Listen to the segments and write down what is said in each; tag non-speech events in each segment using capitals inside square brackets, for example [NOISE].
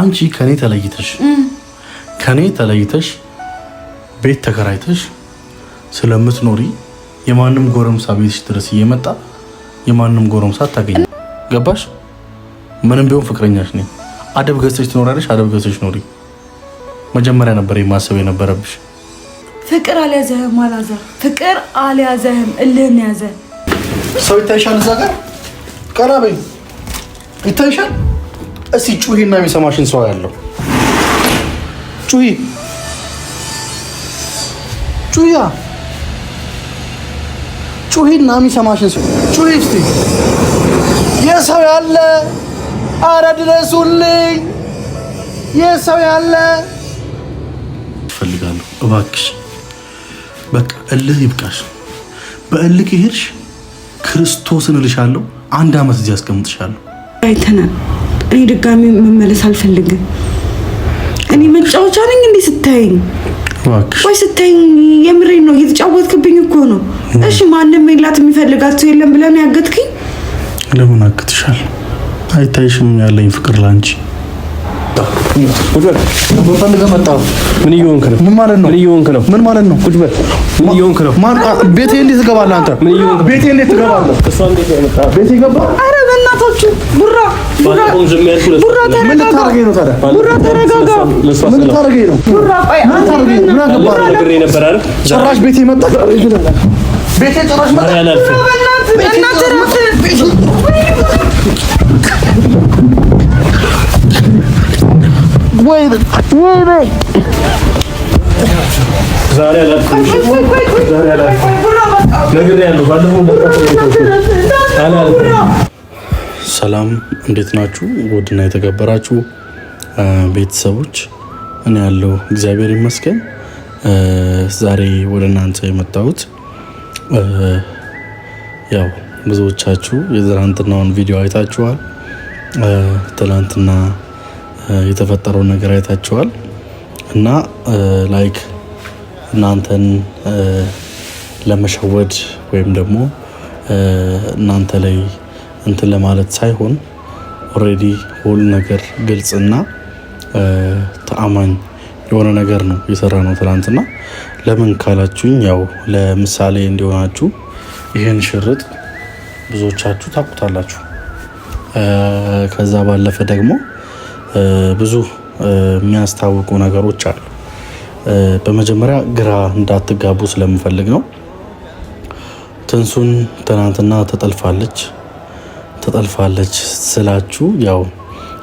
አንቺ ከኔ ተለይተሽ ከኔ ተለይተሽ ቤት ተከራይተሽ ስለምትኖሪ የማንም ጎረምሳ ቤትሽ ድረስ እየመጣ የማንም ጎረምሳ አታገኝ። ገባሽ? ምንም ቢሆን ፍቅረኛሽ ነኝ። አደብ ገዝተሽ ትኖሪያለሽ። አደብ ገዝተሽ ኖሪ። መጀመሪያ ነበር የማሰብ የነበረብሽ። ፍቅር አልያዘህም፣ አልያዘህም፣ ፍቅር አልያዘህም፣ እልህን ያዘህ። ሰው ይታይሻል፣ እዛ ጋር ቀና በይ፣ ይታይሻል እስቲ ጩሂና የሚሰማሽን ሰው ያለው ጩሂ ጩያ ጩሂና የሚሰማሽን ሰው ጩሂ እስቲ የሰው ያለ አረ ድረሱልኝ የሰው ያለ እፈልጋለሁ እባክሽ በቃ እልህ ይብቃሽ በእልክ ይሄድሽ ክርስቶስን እልሻለሁ አንድ አመት እዚህ አስቀምጥሻለሁ አይተናል እኔ ድጋሚ መመለስ አልፈልግም። እኔ መጫወቻ ነኝ እንዴ ስታይኝ? ወይ ስታይኝ የምሬን ነው፣ እየተጫወትክብኝ እኮ ነው። እሺ ማንም የላት የሚፈልጋት ሰው የለም ብለን ያገትክኝ? ለምን አግትሻል? አይታይሽም ያለኝ ፍቅር ላንቺ ምን ማለት ነው? ቁጭ በል። ምን እየሆንክ ነው? ቤቴ እንዴት ትገባለህ አንተ? ቤቴ እንዴት ትገባለህ? ቤቴ ገባ ተረጋጋችሁ። ቡራ ቡራ ተረጋጋ ሰላም እንዴት ናችሁ? ውድና የተከበራችሁ ቤተሰቦች እኔ ያለው እግዚአብሔር ይመስገን። ዛሬ ወደ እናንተ የመጣሁት ያው ብዙዎቻችሁ የትናንትናውን ቪዲዮ አይታችኋል። ትናንትና የተፈጠረውን ነገር አይታችኋል እና ላይክ እናንተን ለመሸወድ ወይም ደግሞ እናንተ ላይ እንትን ለማለት ሳይሆን ኦልሬዲ ሁሉ ነገር ግልጽና ተአማኝ የሆነ ነገር ነው የሰራ ነው ትናንትና። ለምን ካላችሁኝ ያው ለምሳሌ እንዲሆናችሁ ይህን ሽርጥ ብዙዎቻችሁ ታውቁታላችሁ። ከዛ ባለፈ ደግሞ ብዙ የሚያስታውቁ ነገሮች አሉ። በመጀመሪያ ግራ እንዳትጋቡ ስለምፈልግ ነው። ትንሱን ትናንትና ተጠልፋለች። ተጠልፋለች ስላችሁ ያው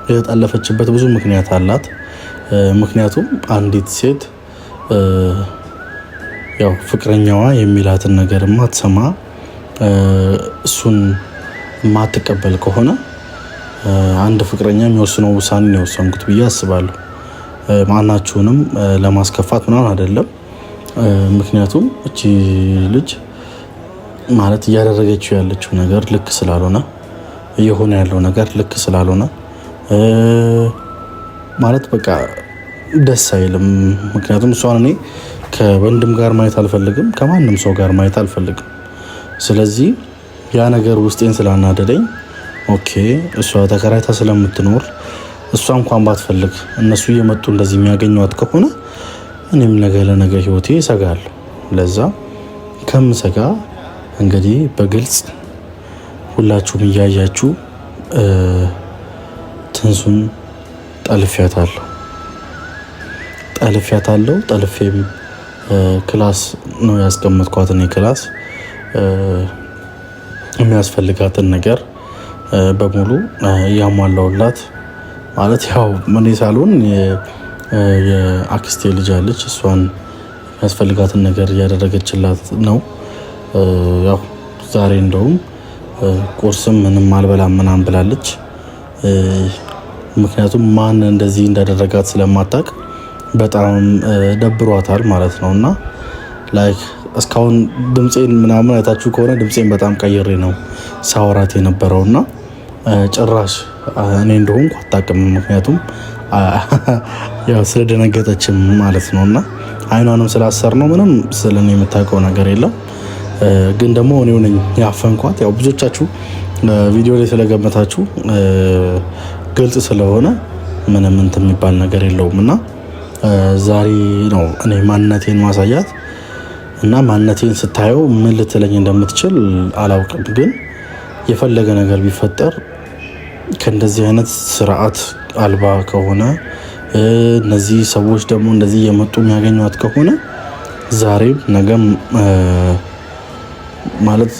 የተጠለፈችበት ብዙ ምክንያት አላት። ምክንያቱም አንዲት ሴት ያው ፍቅረኛዋ የሚላትን ነገር ማትሰማ እሱን ማትቀበል ከሆነ አንድ ፍቅረኛ የሚወስነው ውሳኔ ነው የወሰንኩት ብዬ አስባለሁ። ማናችሁንም ለማስከፋት ምናምን አይደለም። ምክንያቱም እቺ ልጅ ማለት እያደረገችው ያለችው ነገር ልክ ስላልሆነ እየሆነ ያለው ነገር ልክ ስላልሆነ ማለት በቃ ደስ አይልም። ምክንያቱም እሷን እኔ ከወንድም ጋር ማየት አልፈልግም፣ ከማንም ሰው ጋር ማየት አልፈልግም። ስለዚህ ያ ነገር ውስጤን ስላናደደኝ ኦኬ፣ እሷ ተከራይታ ስለምትኖር እሷ እንኳን ባትፈልግ እነሱ እየመጡ እንደዚህ የሚያገኟት ከሆነ እኔም ነገ ለነገ ህይወቴ ይሰጋል። ለዛ ከምሰጋ እንግዲህ በግልጽ ሁላችሁም እያያችሁ ትንሱን ጠልፊያታለሁ ጠልፊያታለሁ። ጠልፌም ክላስ ነው ያስቀመጥኳት። እኔ ክላስ የሚያስፈልጋትን ነገር በሙሉ ያሟላውላት ማለት ያው እኔ ሳልሆን የአክስቴ ልጅ አለች። እሷን የሚያስፈልጋትን ነገር እያደረገችላት ነው። ያው ዛሬ እንደውም ቁርስም ምንም አልበላም ምናምን ብላለች። ምክንያቱም ማን እንደዚህ እንዳደረጋት ስለማታቅ በጣም ደብሯታል ማለት ነው። እና ላይክ እስካሁን ድምፄን ምናምን አይታችሁ ከሆነ ድምፄን በጣም ቀይሬ ነው ሳወራት የነበረው እና ጭራሽ እኔ እንደሆንኩ አታውቅም። ምክንያቱም ያው ስለደነገጠችም ማለት ነው እና አይኗንም ስላሰር ነው ምንም ስለ እኔ የምታውቀው ነገር የለም። ግን ደግሞ እኔው ነኝ ያፈንኳት። ያው ብዙዎቻችሁ ቪዲዮ ላይ ስለገመታችሁ ግልጽ ስለሆነ ምንም እንትን የሚባል ነገር የለውም እና ዛሬ ነው እኔ ማንነቴን ማሳያት እና ማንነቴን ስታየው ምን ልትለኝ እንደምትችል አላውቅም። ግን የፈለገ ነገር ቢፈጠር ከእንደዚህ አይነት ስርዓት አልባ ከሆነ እነዚህ ሰዎች ደግሞ እንደዚህ የመጡ የሚያገኟት ከሆነ ዛሬም ነገም ማለት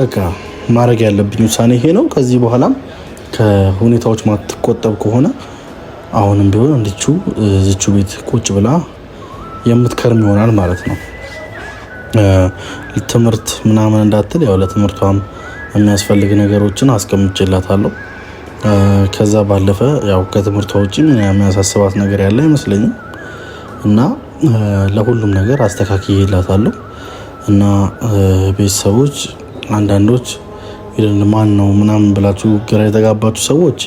በቃ ማድረግ ያለብኝ ውሳኔ ይሄ ነው። ከዚህ በኋላም ከሁኔታዎች ማትቆጠብ ከሆነ አሁንም ቢሆን እንድቹ ዝቹ ቤት ቁጭ ብላ የምትከርም ይሆናል ማለት ነው። ትምህርት ምናምን እንዳትል ያው ለትምህርቷም የሚያስፈልግ ነገሮችን አስቀምጭላታለሁ። ከዛ ባለፈ ያው ከትምህርቷ ውጭ የሚያሳስባት ነገር ያለ አይመስለኝም እና ለሁሉም ነገር አስተካክዬላታለሁ። እና ቤተሰቦች አንዳንዶች ማን ነው ምናምን ብላችሁ ግራ የተጋባችሁ ሰዎች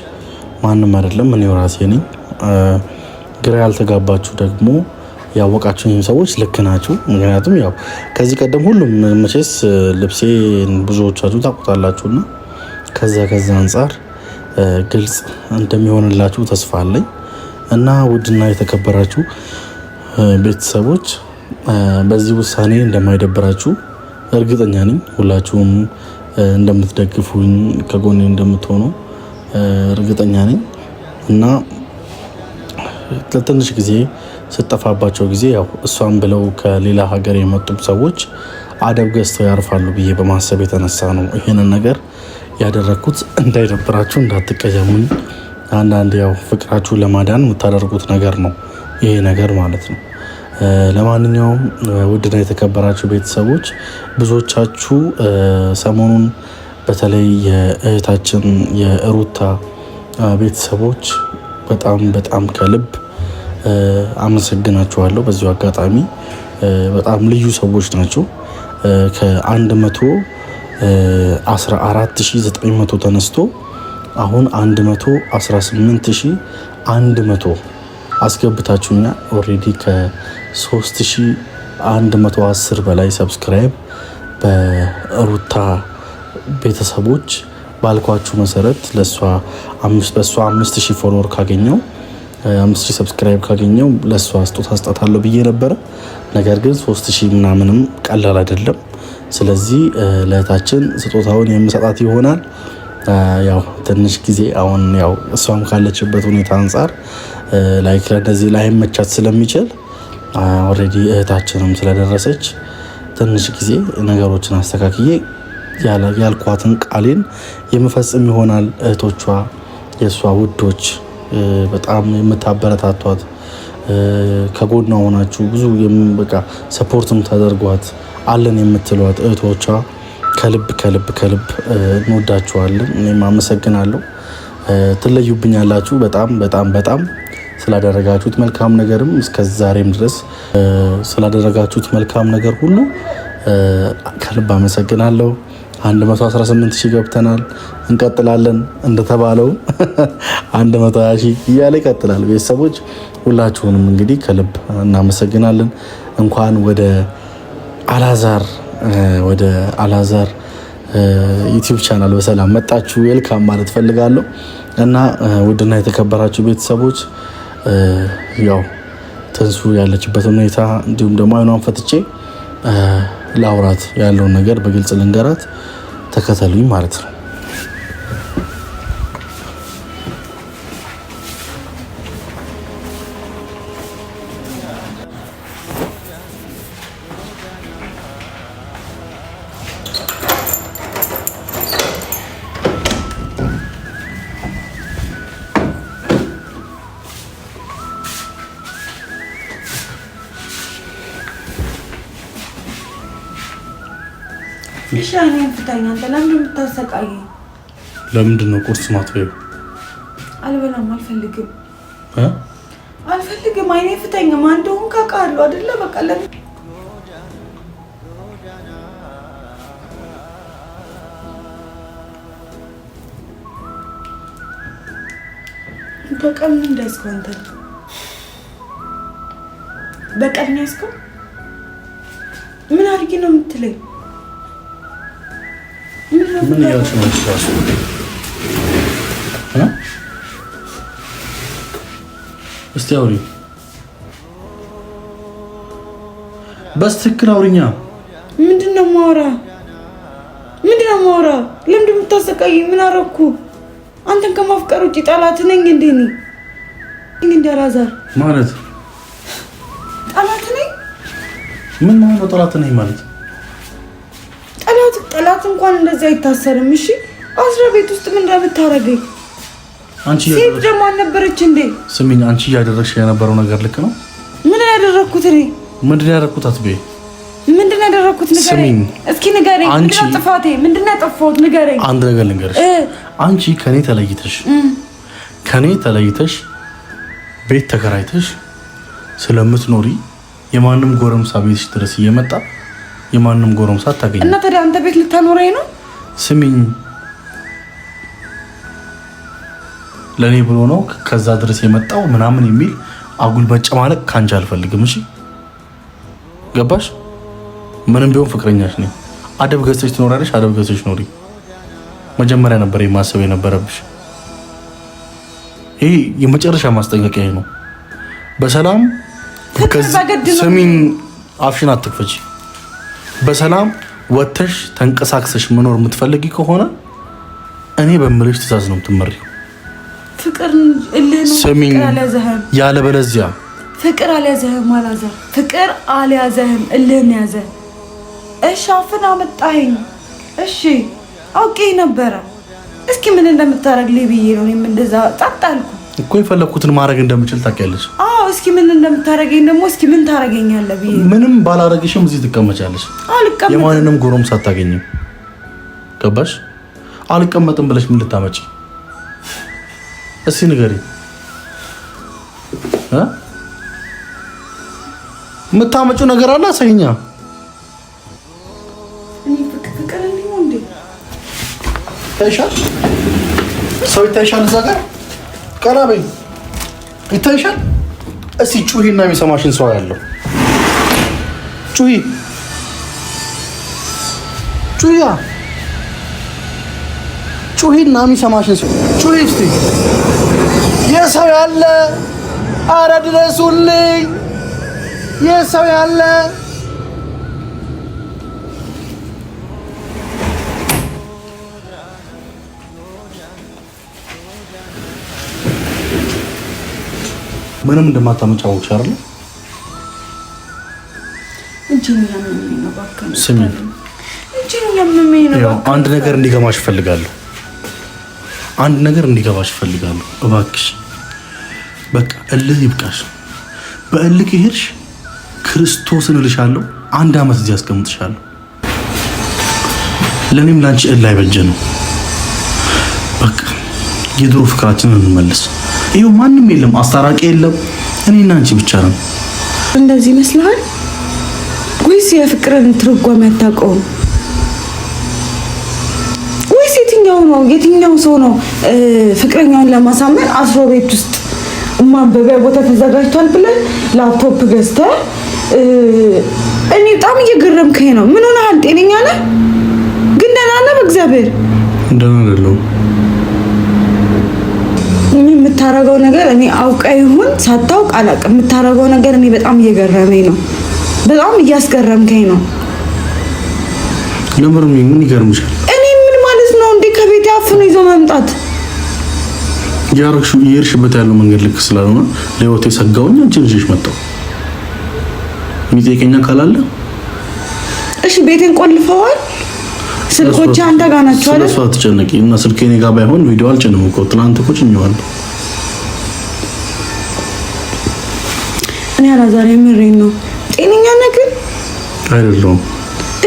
ማንም አይደለም፣ እኔው ራሴ ነኝ። ግራ ያልተጋባችሁ ደግሞ ያወቃችሁኝም ሰዎች ልክ ናችሁ። ምክንያቱም ያው ከዚህ ቀደም ሁሉም መቼስ ልብሴ ብዙዎቻችሁ እና ከዛ ከዛ አንጻር ግልጽ እንደሚሆንላችሁ ተስፋ አለኝ እና ውድና የተከበራችሁ ቤተሰቦች በዚህ ውሳኔ እንደማይደብራችሁ እርግጠኛ ነኝ። ሁላችሁም እንደምትደግፉኝ ከጎኔ እንደምትሆኑ እርግጠኛ ነኝ እና ለትንሽ ጊዜ ስጠፋባቸው ጊዜ ያው እሷም ብለው ከሌላ ሀገር የመጡም ሰዎች አደብ ገዝተው ያርፋሉ ብዬ በማሰብ የተነሳ ነው ይህንን ነገር ያደረግኩት። እንዳይደብራችሁ እንዳትቀየሙኝ። አንዳንድ ያው ፍቅራችሁ ለማዳን የምታደርጉት ነገር ነው ይሄ ነገር ማለት ነው። ለማንኛውም ውድና የተከበራችሁ ቤተሰቦች ብዙዎቻችሁ ሰሞኑን በተለይ የእህታችን የሩታ ቤተሰቦች በጣም በጣም ከልብ አመሰግናችኋለሁ። በዚሁ አጋጣሚ በጣም ልዩ ሰዎች ናቸው። ከአንድ መቶ አስራ መቶ ተነስቶ አሁን 118100 መቶ አስራ ስምንት አንድ መቶ አስገብታችሁኛ ኦልሬዲ 3110 በላይ ሰብስክራይብ በሩታ ቤተሰቦች ባልኳችሁ መሰረት ለእሷ አምስት ሺህ ፎሎወር ካገኘው አምስት ሰብስክራይብ ካገኘው ለእሷ ስጦታ ስጣታለሁ ብዬ ነበረ። ነገር ግን 3000 ምናምንም ቀላል አይደለም። ስለዚህ ለእህታችን ስጦታውን የምሰጣት ይሆናል። ያው ትንሽ ጊዜ አሁን ያው እሷም ካለችበት ሁኔታ አንጻር ላይክ ለእንደዚህ መቻት ስለሚችል ኦልሬዲ እህታችንም ስለደረሰች ትንሽ ጊዜ ነገሮችን አስተካክዬ ያልኳትን ቃሌን የምፈጽም ይሆናል። እህቶቿ የእሷ ውዶች በጣም የምታበረታቷት ከጎኗ ሆናችሁ ብዙ በቃ ሰፖርትም ተደርጓት አለን የምትሏት እህቶቿ ከልብ ከልብ ከልብ እንወዳችኋለን። እኔም አመሰግናለሁ። ትለዩብኛላችሁ በጣም በጣም በጣም ስላደረጋችሁት መልካም ነገርም እስከ ዛሬም ድረስ ስላደረጋችሁት መልካም ነገር ሁሉ ከልብ አመሰግናለሁ። 118 ሺህ ገብተናል። እንቀጥላለን እንደተባለው 120 [LAUGHS] ሺህ እያለ ይቀጥላል። ቤተሰቦች ሁላችሁንም እንግዲህ ከልብ እናመሰግናለን። እንኳን ወደ አላዛር ወደ አላዛር ዩቲዩብ ቻናል በሰላም መጣችሁ። ዌልካም ማለት ፈልጋለሁ እና ውድና የተከበራችሁ ቤተሰቦች ያው ትንሱ ያለችበት ሁኔታ እንዲሁም ደግሞ አይኗን ፈትቼ ላውራት ያለውን ነገር በግልጽ ልንገራት። ተከተሉኝ ማለት ነው። እሺ አይኔን ፍታኝ። አንተ ለምንድን ነው የምታሰቃየኝ? ለምንድን ነው ቁርስ ማትበይው? አልበላም፣ አልፈልግም፣ አልፈልግም። አይኔ ፍታኝ። ማን እንደሆንክ አውቃለሁ አይደለ? በቃ ለምን በቀን ምን እንዳስከው አንተ በቀን ያስከው ምን ነው የምትለኝ? ምን እያልሽ ነው? እራሱ እስቲ አውሪኝ፣ በስትክክል አውሪኛ። ምንድን ነው ማውራ? ምንድን ነው ማውራ? ለምንድን የምታሰቃይ? ምን አደረኩ? አንተን ከማፍቀር ውጭ ጠላት ነኝ እንዴ? እኔ እንደ አላዛር ማለት ጠላት ነኝ። ምን ማለት ነው ጠላት ነኝ ማለት እንኳን እንደዚህ አይታሰርም። እሺ አስራ ቤት ውስጥ ምን እንደምታረገኝ አንቺ ሴት ደግሞ አልነበረች እንዴ? ስሚኝ፣ አንቺ እያደረግሽ የነበረው ነገር ልክ ነው? ምን ያደረኩት እኔ? ምንድን ያደረኩት አትቤ? ምንድን ያደረኩት ንገረኝ እስኪ ንገረኝ። አንቺ ጥፋቴ? ምንድን ያጠፋሁት ንገረኝ። አንድ ነገር ልንገርሽ፣ አንቺ ከኔ ተለይተሽ ከኔ ተለይተሽ ቤት ተከራይተሽ ስለምትኖሪ የማንም ጎረምሳ ቤትሽ ድረስ እየመጣ የማንም ጎረምሳ አታገኝ እና ታዲያ አንተ ቤት ልታኖረኝ ነው? ስሚኝ፣ ለእኔ ብሎ ነው ከዛ ድረስ የመጣው ምናምን የሚል አጉል መጨማለቅ ከአንቺ አልፈልግም። እሺ ገባሽ? ምንም ቢሆን ፍቅረኛሽ ነኝ። አደብ ገዝተሽ ትኖሪያለሽ። አደብ ገዝተሽ ኖሪ። መጀመሪያ ነበር የማሰብ የነበረብሽ። ይህ የመጨረሻ ማስጠንቀቂያ ነው። በሰላም ስሚኝ፣ አፍሽን አትክፈች። በሰላም ወተሽ ተንቀሳቅሰሽ መኖር የምትፈልጊ ከሆነ እኔ በምልሽ ትእዛዝ ነው የምትመሪው። ያለ በለዚያ ፍቅር አልያዘህም አላዘ ፍቅር አልያዘህም፣ እልህን ያዘ። እሺ አፍን አመጣኸኝ። እሺ አውቄ ነበረ። እስኪ ምን እንደምታደርግ ልይ ብዬ ነው እኔም እንደዛ ጸጥ አልኩ። እኮ የፈለኩትን ማድረግ እንደምችል ታውቂያለሽ። አዎ፣ እስኪ ምን እንደምታረገኝ ደግሞ እስኪ ምን ታረገኛለህ ብዬ ምንም ባላረግሽም እዚህ ትቀመጫለሽ። አልቀመጥም። የማንንም ጎሮም ሳታገኝም ገባሽ? አልቀመጥም ብለሽ ምን ልታመጪ? እስኪ ንገሪ። የምታመጪው ነገር አለ አሳይኛ። ሰው ይታይሻል እዛ ጋር ቀና ይታይሻል። እስቲ ጩሂ እና የሚሰማሽን ሰው ያለው ጩሂ፣ ጩያ ጩሂ እና የሚሰማሽን ሰው ጩሂ። እስቲ የሰው ያለ፣ አረ ድረሱልኝ፣ የሰው ያለ ምንም እንደማታመጫ አወቅሽ አይደለ? ስሚ፣ አንድ ነገር እንዲገባሽ እፈልጋለሁ። አንድ ነገር እንዲገባሽ እፈልጋለሁ። እባክሽ በቃ እልህ ይብቃሽ። በእልህ ከሄድሽ ክርስቶስን እልሻለሁ አንድ አመት እዚህ አስቀምጥሻለሁ። ለእኔም ለአንቺ እልህ አይበጀንም። በቃ የድሮ ፍቅራችንን እንመልስ። ይኸው ማንም የለም፣ አስታራቂ የለም። እኔና አንቺ ብቻ ነው። እንደዚህ ይመስልሃል ወይስ የፍቅርን ትርጓሜ አታውቀውም? ወይስ የትኛው ነው የትኛው ሰው ነው ፍቅረኛውን ለማሳመን አስሮ ቤት ውስጥ ማንበቢያ ቦታ ተዘጋጅቷል ብለን ላፕቶፕ ገዝተ እኔ በጣም እየገረምከኝ ነው። ምን ሆነሃል? ጤነኛ ነህ? ግን ደህና ነህ? በእግዚአብሔር ደህና አይደለሁም። የምታረገው ነገር እኔ አውቀ ይሁን ሳታውቅ አላውቅም። የምታረገው ነገር እኔ በጣም እየገረመኝ ነው። በጣም እያስገረምከኝ ነው። ለምርም ምን ይገርምሻል? እኔ ምን ማለት ነው እንዴ? ከቤት አፍኖ ይዞ መምጣት ያረግሹ የሄድሽበት ያለው መንገድ ልክ ስላልሆነ ለህይወቴ ሰጋውኝ። አንቺ ልጅሽ መጣው የሚጠይቀኝ አካል አለ። እሺ ቤቴን ቆልፈዋል። ስልኮች አንተ ጋር ናቸው አይደል? ስለሷ አትጨነቂ እና ስልኬ እኔ ጋር ባይሆን ቪዲዮ አልጭንም እኮ ትናንት እኮ ጭኜዋለሁ። እኔ አላዛር የምሬን ነው። ጤነኛ ነገር አይደለሁም።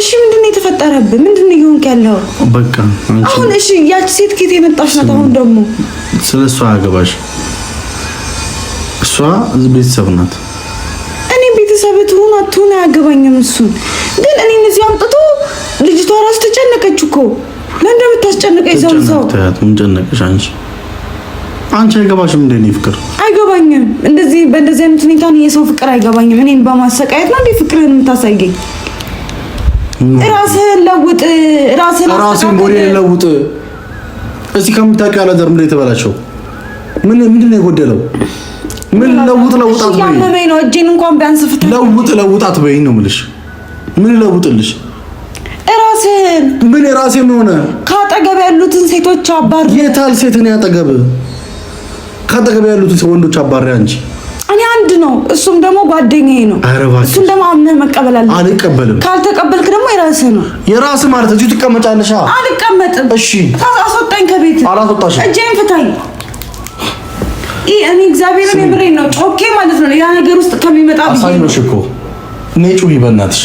እሺ ምንድን ነው የተፈጠረብህ? ምንድን ነው እየሆንክ ያለው? በቃ አሁን እሺ፣ ያቺ ሴት ኬት የመጣች ናት? አሁን ደግሞ ስለ እሷ አያገባሽ። እሷ ቤተሰብ ናት። እኔ ቤተሰብ ትሁን አትሁን አያገባኝም። እሱን ግን እኔ እነዚህ አምጥቶ ልጅቷ ራሱ ተጨነቀች እኮ ለእንደምታስጨንቀኝ ሰው ሰው ምን ጨነቀሽ አንቺ አንቺ አይገባሽም እንደ እኔ ፍቅር አይገባኝም። እንደዚህ በእንደዚህ አይነት ሁኔታ የሰው ፍቅር አይገባኝም። እኔን በማሰቃየት ነው እንዴ ፍቅርህን የምታሳየኝ? ራስህን ለውጥ፣ ራስህን ራስህን ቦሌ ለውጥ። እዚህ ከምታውቂው ያላዘር ምንድን ነው የተበላሸው? ምን ምንድን ነው የጎደለው? ምን ለውጥ ለውጣት በይ ያመመኝ ነው። እጄን እንኳን ቢያንስ ፍትህ ለውጥ ለውጣት በይ ነው የምልሽ። ምን ለውጥልሽ? ራስህን ምን ራሴ ምን ሆነ? ካጠገብ ያሉትን ሴቶች አባር የታል ሴት ሴትን ያጠገብ ካጠገብ ያሉት ወንዶች አባሪያ እንጂ እኔ አንድ ነው። እሱም ደግሞ ጓደኛዬ ነው። እሱም ደግሞ አምነህ መቀበል አለብህ። አልቀበልም። ካልተቀበልክ ደግሞ የራስህ ነው። የራስህ ማለት እዚሁ ትቀመጫለሽ። አልቀመጥም። እሺ አስወጣኝ ከቤት። አላስወጣሽም። እጄን ፍታኝ። ይሄ እኔ እግዚአብሔርን የምሬን ነው። ጮኬ ማለት ነው ያ ነገር ውስጥ ከሚመጣ ነው እኮ እኔ ጩሂ፣ በእናትሽ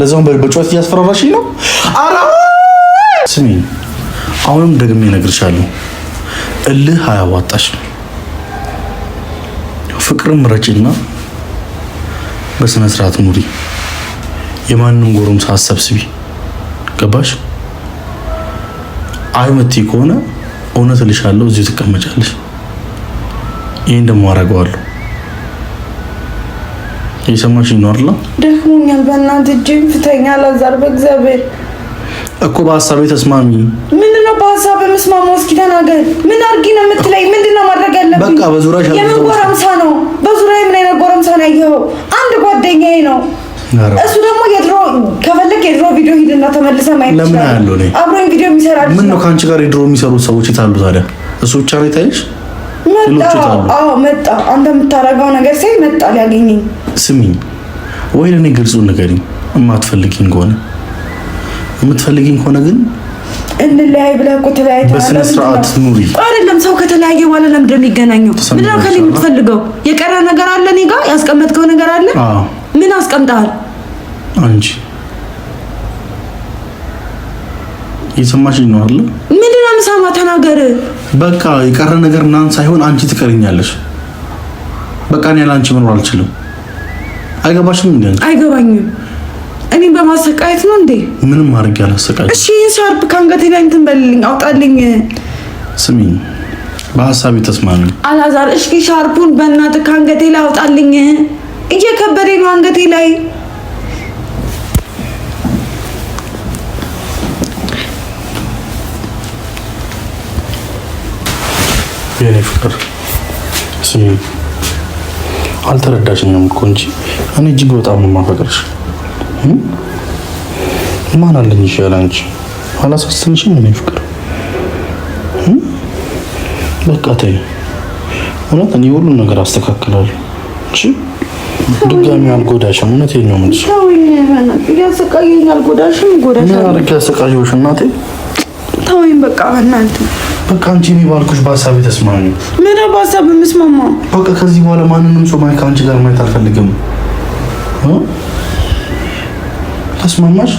ለዛውም በጩኸት እያስፈራራሽኝ ነው። ኧረ ስሚ፣ አሁንም ደግሜ እነግርሻለሁ እልህ አያዋጣሽም። ፍቅርም ረጭና በስነ ስርዓት ኑሪ። የማንም ጎረምሳ አሰብስቢ ገባሽ? አይ ከሆነ እውነት ልሻለሁ፣ እዚሁ ትቀመጫለሽ። ይህን ደግሞ አደርገዋለሁ። እየሰማሽ ነው አይደል? ደክሞኛል። በእናትህ እጅም ፍተኛ ላዛር፣ በእግዚአብሔር እኮ በሀሳቤ ተስማሚ ምን በሀሳብ በመስማማው እስኪ ተናገር። ምን አድርጊ ነው የምትለኝ? ምንድን ነው ማድረግ ያለብኝ? በቃ በዙሪያሽ የምን ጎረምሳ ነው? በዙሪያ ምን አይነት ጎረምሳ ነው ያየኸው? አንድ ጓደኛዬ ነው። እሱ ደግሞ የድሮ ከፈለግ የድሮ ቪዲዮ ሂድና ተመልሰ ማየት ለምን አያለው ነኝ አብሮኝ ቪዲዮ የሚሰራ ምን ነው ከአንቺ ጋር የድሮ የሚሰሩት ሰዎች የታሉ ታዲያ? እሱ ብቻ ነው የታየሽ? መጣ። አዎ መጣ። አንተ የምታረገው ነገር ሳይ መጣ ሊያገኘኝ። ስሚኝ ወይ ለእኔ ግልጹን ንገሪኝ። የማትፈልጊኝ ከሆነ የምትፈልጊኝ ከሆነ ግን እንለያይ ብለህ እኮ ተለያይተህ በስነ ስርዓት ኑሪ። አይደለም ሰው ከተለያየ በኋላ ለምንድን ነው የሚገናኘው? ምንድን ነው ከእኔ የምትፈልገው? የቀረ ነገር አለ እኔ ጋር ያስቀመጥከው ነገር አለ። ምን አስቀምጠሃል? አንቺ የሰማሽኝ ነው አይደል? ምንድን ነው የምሰማ? ተናገር። በቃ የቀረ ነገር ምናምን ሳይሆን አንቺ ትቀርኛለሽ። በቃ እኔ ያለ አንቺ መኖር አልችልም። አይገባሽም? እንደ አይገባኝም እኔ በማሰቃየት ነው እንዴ? ምንም አድርጌ አላሰቃየት። እሺ ሻርፕ ከአንገቴ ላይ እንትን በልልኝ፣ አውጣልኝ። ስሚኝ፣ በሀሳብ ተስማሚ አላዛር። እሺ ሻርፑን በእናት ከአንገቴ ላይ አውጣልኝ፣ እየከበደ ነው አንገቴ ላይ። የኔ ፍቅር ስሚኝ፣ አልተረዳሽኝም እኮ እንጂ እኔ እጅግ በጣም ነው የማፈቅርሽ ማን አለኝ ይሻል አንቺ አላሳስንሽም እኔ ፍቅር በቃ ተይ እውነት እኔ ሁሉም ነገር አስተካክላለሁ እሺ ድጋሚ አልጎዳሽም እውነቴን ነው የምልሽ እያሰቃየኝ ምን እናቴ ተወኝ በቃ እናንተ በቃ አንቺ እኔ ባልኩሽ በሀሳብ የተስማሚ ምን በሀሳብ የምስማማው በቃ ከዚህ በኋላ ማንንም ሰው ከአንቺ ጋር ማየት አልፈልግም ተስማማሽ?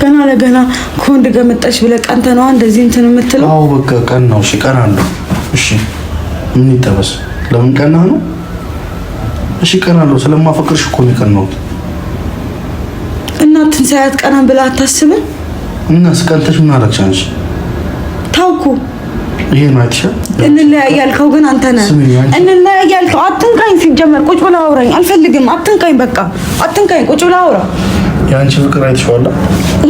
ገና ለገና ከወንድ ጋር መጣሽ ብለህ ቀንተ ነዋ እንደዚህ እንትን የምትለው? አዎ በቃ ቀን ነው። እሺ ቀን አለው። እሺ ምን ይጠበስ? ለምን ቀናህ ነው? እሺ ቀን አለው። ስለማፈቅርሽ እኮ ነው የቀናሁት። እናትን ሳያት ቀናን ብለህ አታስብም? እናስ ቀንተሽ ምን አደረግሽ አንቺ? ታውኩ ይሄ ነው አይተሻል። እንለያይ ያልከው ግን አንተ ነህ። እንለያይ ያልከው አትንካኝ። ሲጀመር ቁጭ ብለህ አውራኝ አልፈልግም። አትንካኝ፣ በቃ አትንካኝ። ቁጭ ብለህ አውራ የአንቺ ፍቅር አይተሽዋላ?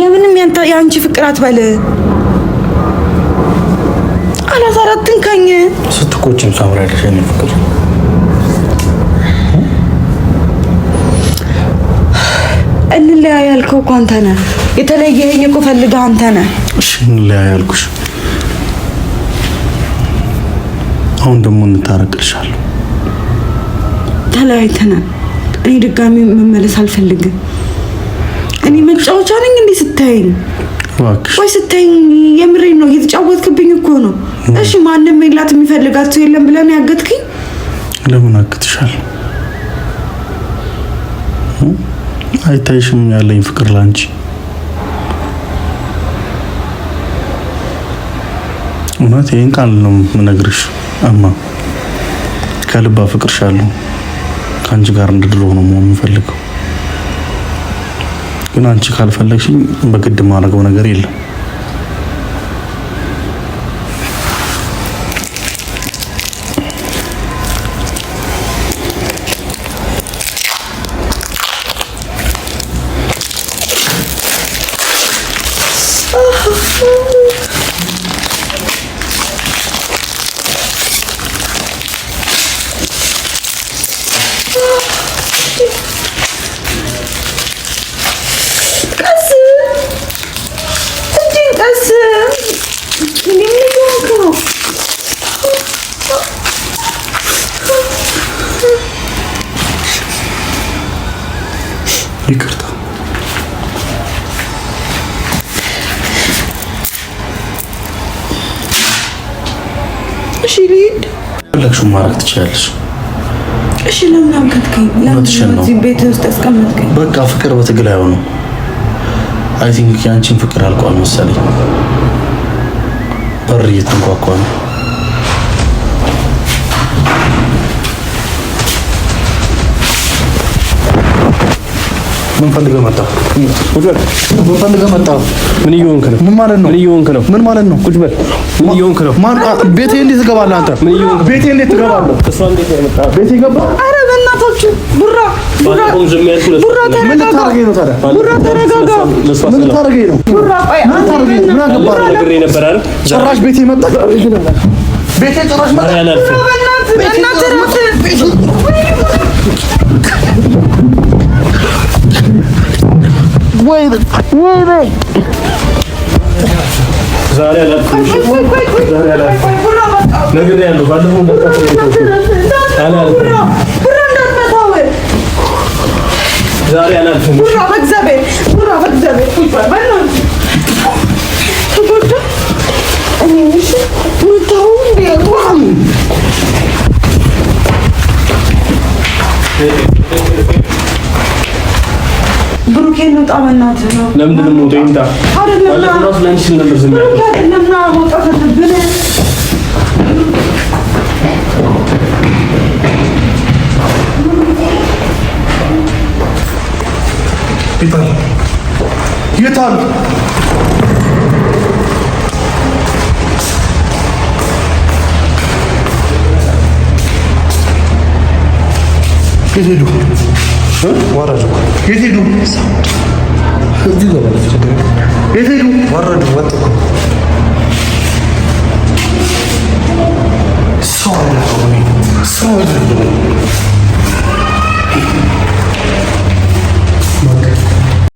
የምንም የአንቺ ፍቅር አትበል። አላዛር አትንካኝ። ስትቆጭም ሳምራለሽ የኔ ፍቅር እንለያይ ያልከው እኮ አንተ ነህ። የተለየኸኝ እኮ ፈልገህ አንተ ነህ። እሺ እንለያይ ያልኩሽ አሁን ደግሞ እንታረቅልሻለሁ። ተለያይተናል። እኔ ድጋሚ መመለስ አልፈልግም። እኔ መጫወቻ ነኝ እንዴ ስታይኝ? ወይ ስታይኝ የምሬን ነው፣ እየተጫወትክብኝ እኮ ነው። እሺ ማንም የላት የሚፈልጋት ሰው የለም ብለን ያገትክኝ? ለምን አግትሻል? አይታይሽም ያለኝ ፍቅር ላንቺ እውነት ይህን ቃል ነው የምነግርሽ። እማ ከልብ አፈቅርሻለሁ። ከአንቺ ጋር እንድድሮ ነው መሆን የምፈልገው። ግን አንቺ ካልፈለግሽኝ በግድ የማደርገው ነገር የለም። ah, ፈለግሽውን ማድረግ ትችላለሽ። እሺ ለምን አልከትከኝ? ለምን ቤት ውስጥ አስቀመጥከኝ? በቃ ፍቅር በትግል አይሆንም። አይ ቲንክ ያንቺን ፍቅር አልቋል መሰለኝ። በር እየተንኳኳ ነው። ምን ፈልገህ መጣህ? ምን ፈልገህ መጣህ? ምን እየሆንክ ነው? ምን ማለት ነው? ምን ማለት ነው? ቁጭ በል ምን እየሆንክ ነው? ማን ቤቴ እንዴት ትገባለህ አንተ? ምን እየሆንክ ቤቴ እንዴት ትገባለህ? እሷ እንዴት ነው የመጣህ? ቤቴ ገባ። ኧረ በእናቶች ቡራ ቡራ ዝም ያልኩ ነው። ቡራ ተረጋጋ። ምን ታደርገኝ ነው ታዲያ? ቡራ ተረጋጋ። ምን ታደርገኝ ነው? ቡራ ቆይ አንተ ታደርገኝ ምን አገባህ? ነግሬ ነበር አይደል? ጭራሽ ቤቴ መጣ። ቤቴ ጭራሽ መጣ። እናትህ ናት። ወይ ወይ ዛሬ አላልኩም ብሩኬን እንውጣ። በእናትህ ነው ለምንድን ነው ወጣ? አይደለም ነው ራስ ለምን ሲል ነበር ዝም ብሩኬ አይደለም ነው መውጣት አለብን። የት አሉ? የት ሄዱ? ወረዱ። የት ሄዱ? እዚህ ገባ። የት ሄዱ? ወረዱ። ወጡ። ሰው አይደለም ሰው አይደለም